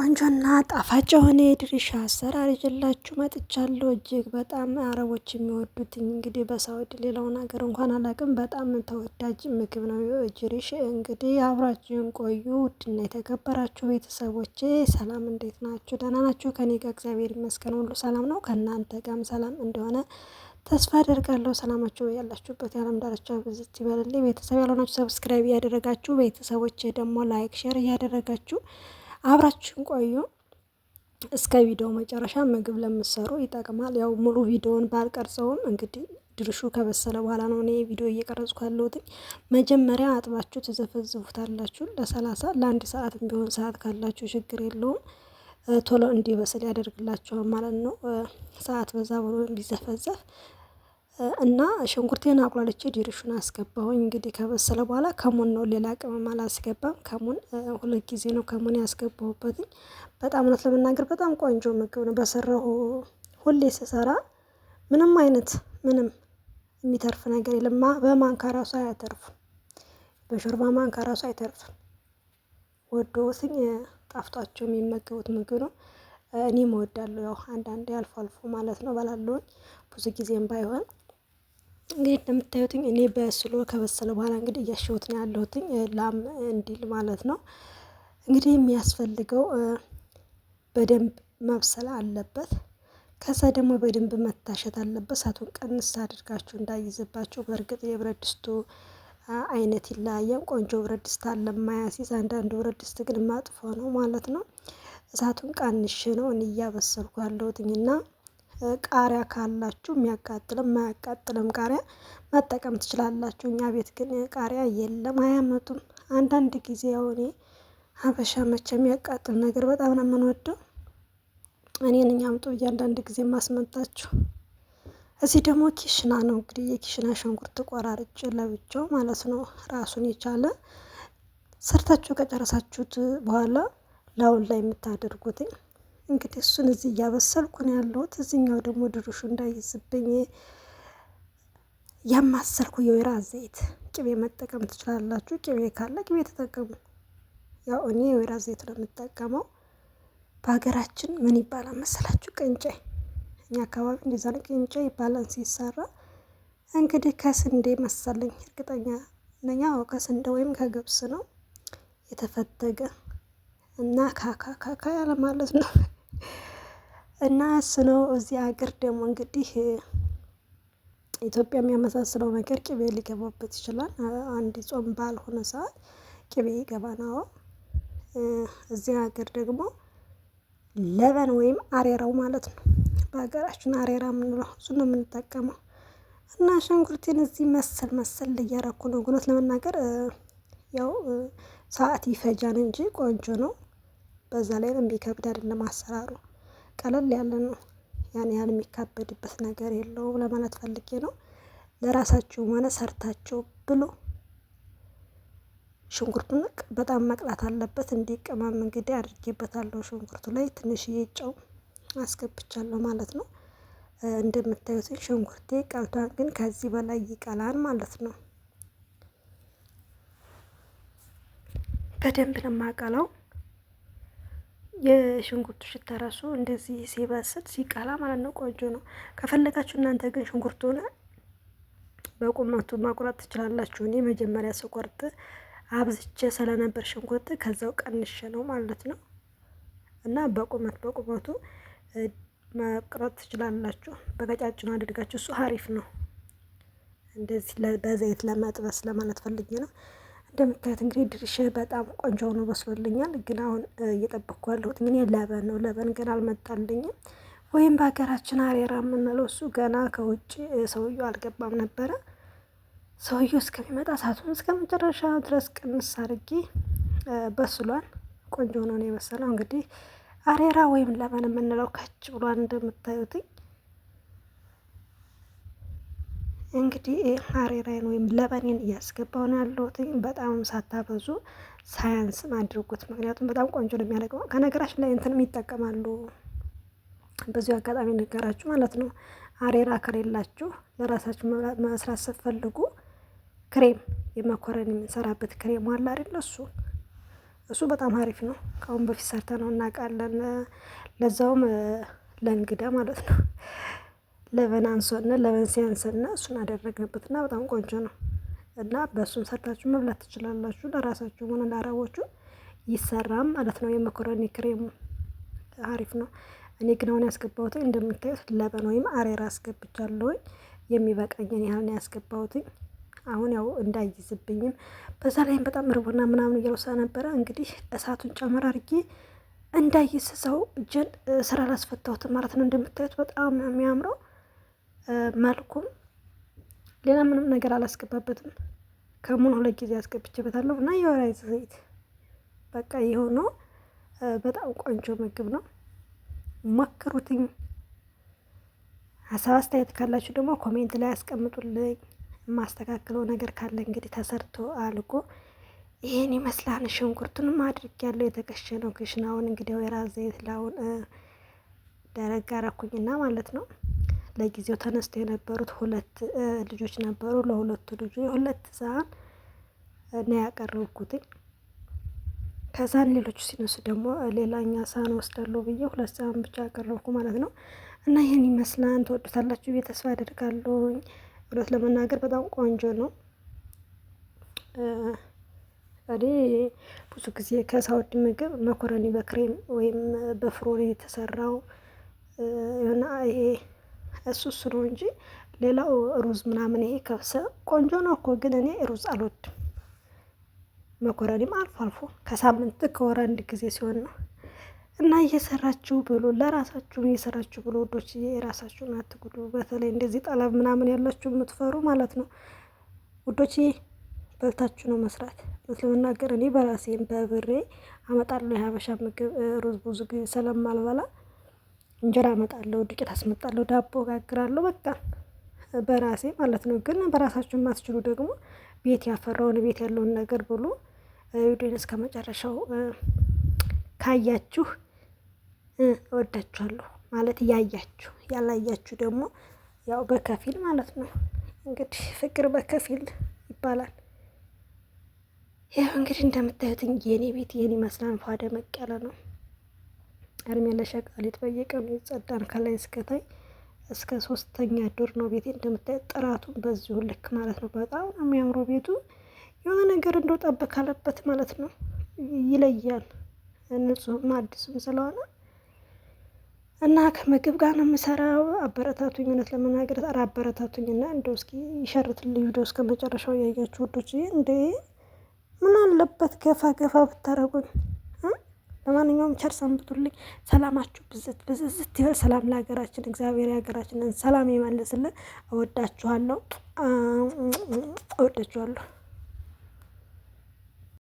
ቆንጆና ጣፋጭ የሆነ የድርሻ አሰራር ይዤላችሁ መጥቻለሁ። እጅግ በጣም አረቦች የሚወዱት እንግዲህ በሳውዲ ሌላውን ሀገር እንኳን አላውቅም፣ በጣም ተወዳጅ ምግብ ነው ጅሪሽ። እንግዲህ አብራችሁን ቆዩ። ውድና የተከበራችሁ ቤተሰቦቼ ሰላም፣ እንዴት ናችሁ? ደህና ናችሁ? ከኔ ጋር እግዚአብሔር ይመስገን ሁሉ ሰላም ነው። ከእናንተ ጋርም ሰላም እንደሆነ ተስፋ አደርጋለሁ። ሰላማችሁ ያላችሁበት የዓለም ዳርቻ ብዝት ይበልልኝ። ቤተሰብ ያልሆናችሁ ሰብስክራይብ እያደረጋችሁ ቤተሰቦቼ ደግሞ ላይክ፣ ሼር እያደረጋችሁ አብራችን ቆዩ። እስከ ቪዲዮ መጨረሻ ምግብ ለምሰሩ ይጠቅማል። ያው ሙሉ ቪዲዮውን ባልቀርጸውም እንግዲህ ድርሹ ከበሰለ በኋላ ነው እኔ ቪዲዮ እየቀረጽኩ ያለሁት። መጀመሪያ አጥባችሁ ትዘፈዝፉታላችሁ ለሰላሳ ለአንድ ሰዓት ቢሆን ሰዓት ካላችሁ ችግር የለውም ቶሎ እንዲበስል ያደርግላችኋል ማለት ነው። ሰዓት በዛ ብሎ እንዲዘፈዘፍ እና ሽንኩርቴን አቁላልቼ ዲሪሹን አስገባሁኝ። እንግዲህ ከበሰለ በኋላ ከሙን ነው፣ ሌላ ቅመም አላስገባም። ከሙን ሁለት ጊዜ ነው ከሙን ያስገባሁበትኝ። በጣም እውነት ለመናገር በጣም ቆንጆ ምግብ ነው። በሰራሁ ሁሌ ስሰራ ምንም አይነት ምንም የሚተርፍ ነገር የለም። በማንካ ራሱ አያተርፉም። በሾርባ ማንካ ራሱ አይተርፍም። ወዶትኝ ጣፍጧቸው የሚመገቡት ምግብ ነው። እኔም እወዳለሁ። ያው አንዳንዴ አልፎ አልፎ ማለት ነው በላለሁኝ ብዙ ጊዜም ባይሆን እንግዲህ እንደምታዩትኝ እኔ በስሎ ከበሰለ በኋላ እንግዲህ እያሸሁት ነው ያለሁትኝ ላም እንዲል ማለት ነው። እንግዲህ የሚያስፈልገው በደንብ መብሰል አለበት። ከዛ ደግሞ በደንብ መታሸት አለበት። እሳቱን ቀንስ አድርጋችሁ እንዳይዝባችሁ። በእርግጥ የብረት ድስቱ አይነት ይለያያል። ቆንጆ ብረት ድስት አለ የማያሲዝ፣ አንዳንዱ ብረት ድስት ግን ማጥፎ ነው ማለት ነው። እሳቱን ቀንሽ ነው እኔ እያበሰልኩ ያለሁትኝና ቃሪያ ካላችሁ የሚያቃጥልም ማያቃጥልም ቃሪያ መጠቀም ትችላላችሁ። እኛ ቤት ግን ቃሪያ የለም አያመጡም። አንዳንድ ጊዜ ያው እኔ ሀበሻ መቼ የሚያቃጥል ነገር በጣም ነው የምንወደው። እኔን እኛ አምጡ አንዳንድ ጊዜ ማስመጣችሁ። እዚህ ደግሞ ኪሽና ነው እንግዲህ የኪሽና ሽንኩርት ቆራርጭ ለብቻው ማለት ነው ራሱን የቻለ ሰርታችሁ ከጨረሳችሁት በኋላ ላውን ላይ የምታደርጉትኝ እንግዲህ እሱን እዚህ እያበሰልኩ ነው ያለሁት። እዚኛው ደግሞ ድርሹ እንዳይዝብኝ ያማሰልኩ የወይራ ዘይት፣ ቅቤ መጠቀም ትችላላችሁ። ቅቤ ካለ ቅቤ ተጠቀሙ። ያው እኔ የወይራ ዘይት ነው የምጠቀመው። በሀገራችን ምን ይባላል መሰላችሁ? ቅንጨ። እኛ አካባቢ እንደዛ ነው ቅንጨ ይባላል ሲሰራ። እንግዲህ ከስንዴ መሰለኝ እርግጠኛ ነኛ። ከስንዴ ወይም ከገብስ ነው የተፈተገ እና ካካካካ ያለ ማለት ነው። እና እሱ ነው። እዚህ ሀገር ደግሞ እንግዲህ ኢትዮጵያ የሚያመሳስለው ነገር ቅቤ ሊገባበት ይችላል። አንድ ጾም ባልሆነ ሰዓት ቅቤ ይገባ ነው። እዚህ ሀገር ደግሞ ለበን ወይም አሬራው ማለት ነው። በሀገራችን አሬራ የምንለው እሱ ነው የምንጠቀመው። እና ሽንኩርቴን እዚህ መሰል መሰል እያረኩ ነው። እውነት ለመናገር ያው ሰዓት ይፈጃል እንጂ ቆንጆ ነው። በዛ ላይ የሚከብድ አይደለም አሰራሩ ቀለል ያለ ነው። ያን ያህል የሚካበድበት ነገር የለውም ለማለት ፈልጌ ነው። ለራሳችሁ ሆነ ሰርታችሁ ብሎ ሽንኩርቱን በጣም መቅላት አለበት። እንዲቀመም እንግዲህ አድርጌበታለሁ። ሽንኩርቱ ላይ ትንሽ ጨው አስገብቻለሁ ማለት ነው። እንደምታዩት ሽንኩርቴ ቀልቷን፣ ግን ከዚህ በላይ ይቀላል ማለት ነው። በደንብ ነው የማቀላው። የሽንኩርቱ ሽታ ራሱ እንደዚህ ሲበስል ሲቃላ ማለት ነው ቆንጆ ነው። ከፈለጋችሁ እናንተ ግን ሽንኩርቱን በቁመቱ ማቁረጥ ትችላላችሁ። እኔ መጀመሪያ ስቆርጥ አብዝቼ ስለነበር ሽንኩርት ከዛው ቀንሼ ነው ማለት ነው እና በቁመት በቁመቱ መቁረጥ ትችላላችሁ። በቀጫጭኑ አድርጋችሁ እሱ አሪፍ ነው። እንደዚህ በዘይት ለመጥበስ ለማለት ፈልጌ ነው። እንደምታዩት እንግዲህ ድርሽ በጣም ቆንጆ ሆኖ በስሎልኛል። ግን አሁን እየጠበቅኩ ያለሁት እንግዲህ ለበን ነው። ለበን ግን አልመጣልኝም፣ ወይም በሀገራችን አሬራ የምንለው እሱ ገና ከውጭ ሰውየው አልገባም ነበረ። ሰውየው እስከሚመጣ እሳቱን እስከ መጨረሻ ድረስ ቅንስ አድርጌ በስሏል። ቆንጆ ሆኖ ነው የመሰለው። እንግዲህ አሬራ ወይም ለበን የምንለው ከች ብሏል እንደምታዩትኝ እንግዲህ ሀሬራይን ወይም ለበኔን እያስገባው ነው ያለሁት። በጣም ሳታበዙ ሳያንስ አድርጉት፣ ምክንያቱም በጣም ቆንጆ ነው የሚያደርገው። ከነገራችን ላይ እንትንም ይጠቀማሉ። በዚሁ አጋጣሚ ነገራችሁ ማለት ነው። አሬራ ከሌላችሁ ለራሳችሁ መስራት ስትፈልጉ ክሬም የመኮረን የምንሰራበት ክሬም አለ አይደል? እሱ እሱ በጣም አሪፍ ነው። ከአሁን በፊት ሰርተ ነው እናውቃለን። ለዛውም ለእንግዳ ማለት ነው። ለበን አንሶን ለበን ሲያንሰን እሱን እና በጣም ቆንጆ ነው እና በእሱን ሰርታችሁ መብላት ትችላላችሁ። ለራሳችሁ ሆነ ለአረቦቹ ይሰራም ማለት ነው። የመኮረኒ ክሬሙ አሪፍ ነው። እኔ ግን አሁን ያስገባሁት እንደምታዩት ለበን ወይም አሬራ አስገብቻለሁኝ። የሚበቃኝን ያህል ነው ያስገባሁትኝ። አሁን ያው እንዳይዝብኝም በዛ ላይም በጣም እርቦና ምናምን እያውሳ ነበረ። እንግዲህ እሳቱን ጨምር አድርጌ እንዳይስሰው እጄን ስራ ላስፈታሁት ማለት ነው። እንደምታዩት በጣም ነው የሚያምረው። መልኩም ሌላ ምንም ነገር አላስገባበትም። ከሙን ሁለት ጊዜ አስገብቼበታለሁ እና የወራይ ዘይት በቃ የሆነው በጣም ቆንጆ ምግብ ነው። ሞክሩትኝ። ሀሳብ አስተያየት ካላችሁ ደግሞ ኮሜንት ላይ ያስቀምጡልኝ። የማስተካክለው ነገር ካለ እንግዲህ ተሰርቶ አልቆ ይህን ይመስላል። ሽንኩርቱንም አድርግ ያለው የተከሸ ነው ክሽናውን እንግዲህ ወይራ ዘይት ላውን ደረግ አረኩኝና ማለት ነው ለጊዜው ተነስተው የነበሩት ሁለት ልጆች ነበሩ። ለሁለቱ ልጆ ሁለት ሰሀን ነው ያቀረብኩትኝ። ከዛን ሌሎቹ ሲነሱ ደግሞ ሌላኛ ሰሀን ወስዳለሁ ብዬ ሁለት ሰሀን ብቻ ያቀረብኩ ማለት ነው። እና ይህን ይመስላል። ተወዱታላችሁ ብዬ ተስፋ አደርጋለሁ። እውነት ለመናገር በጣም ቆንጆ ነው። እኔ ብዙ ጊዜ ከሳውዲ ምግብ መኮረኒ በክሬም ወይም በፍሮሪ የተሰራው ይሆና ይሄ እሱ እሱ ነው እንጂ ሌላው ሩዝ ምናምን ይሄ ከብሰ ቆንጆ ነው እኮ ግን እኔ ሩዝ አልወድም። መኮረኒም አልፎ አልፎ ከሳምንት ከወር አንድ ጊዜ ሲሆን ነው። እና እየሰራችሁ ብሎ ለራሳችሁ እየሰራችሁ ብሎ ወዶች የራሳችሁን አትጉዱ። በተለይ እንደዚህ ጠለብ ምናምን ያላችሁ የምትፈሩ ማለት ነው ውዶች በልታችሁ ነው መስራት ለመናገር እኔ በራሴን በብሬ አመጣለሁ የሀበሻ ምግብ ሩዝ ብዙ ጊዜ ስለማልበላ እንጀራ እመጣለሁ፣ ዱቄት አስመጣለሁ፣ ዳቦ ጋግራለሁ። በቃ በራሴ ማለት ነው። ግን በራሳችሁ የማትችሉ ደግሞ ቤት ያፈራውን ቤት ያለውን ነገር ብሎ ቪዲዮን እስከ መጨረሻው ካያችሁ እወዳችኋለሁ ማለት ያያችሁ፣ ያላያችሁ ደግሞ ያው በከፊል ማለት ነው እንግዲህ ፍቅር በከፊል ይባላል። ያው እንግዲህ እንደምታዩት የኔ ቤት የኔ ይመስላል። ፏ ደመቅ ያለ ነው። እድሜ ለሸቃሊት በየቀኑ ይጸዳን ከላይ እስከታይ እስከ ሶስተኛ ዱር ነው ቤቴ እንደምታየት ጥራቱን በዚሁ ልክ ማለት ነው። በጣም ነው የሚያምረው ቤቱ የሆነ ነገር እንደው ጠብ ካለበት ማለት ነው ይለያል። ንጹህም አዲስም ስለሆነ እና ከምግብ ጋር ነው የምሰራው። አበረታቱኝ፣ እውነት ለመናገር አበረታቱኝ እና እንደው እስኪ ይሸርትልኝ ቪዲዮ እስከ መጨረሻው ያያችሁ ወዶች እንደ ምን አለበት ገፋ ገፋ ብታረጉኝ። ለማንኛውም ቸር ሰንብቱልኝ። ሰላማችሁ ብዝት ብዝዝት ይበል። ሰላም ለሀገራችን፣ እግዚአብሔር ሀገራችንን ሰላም ይመልስልን። እወዳችኋለሁ፣ እወዳችኋለሁ።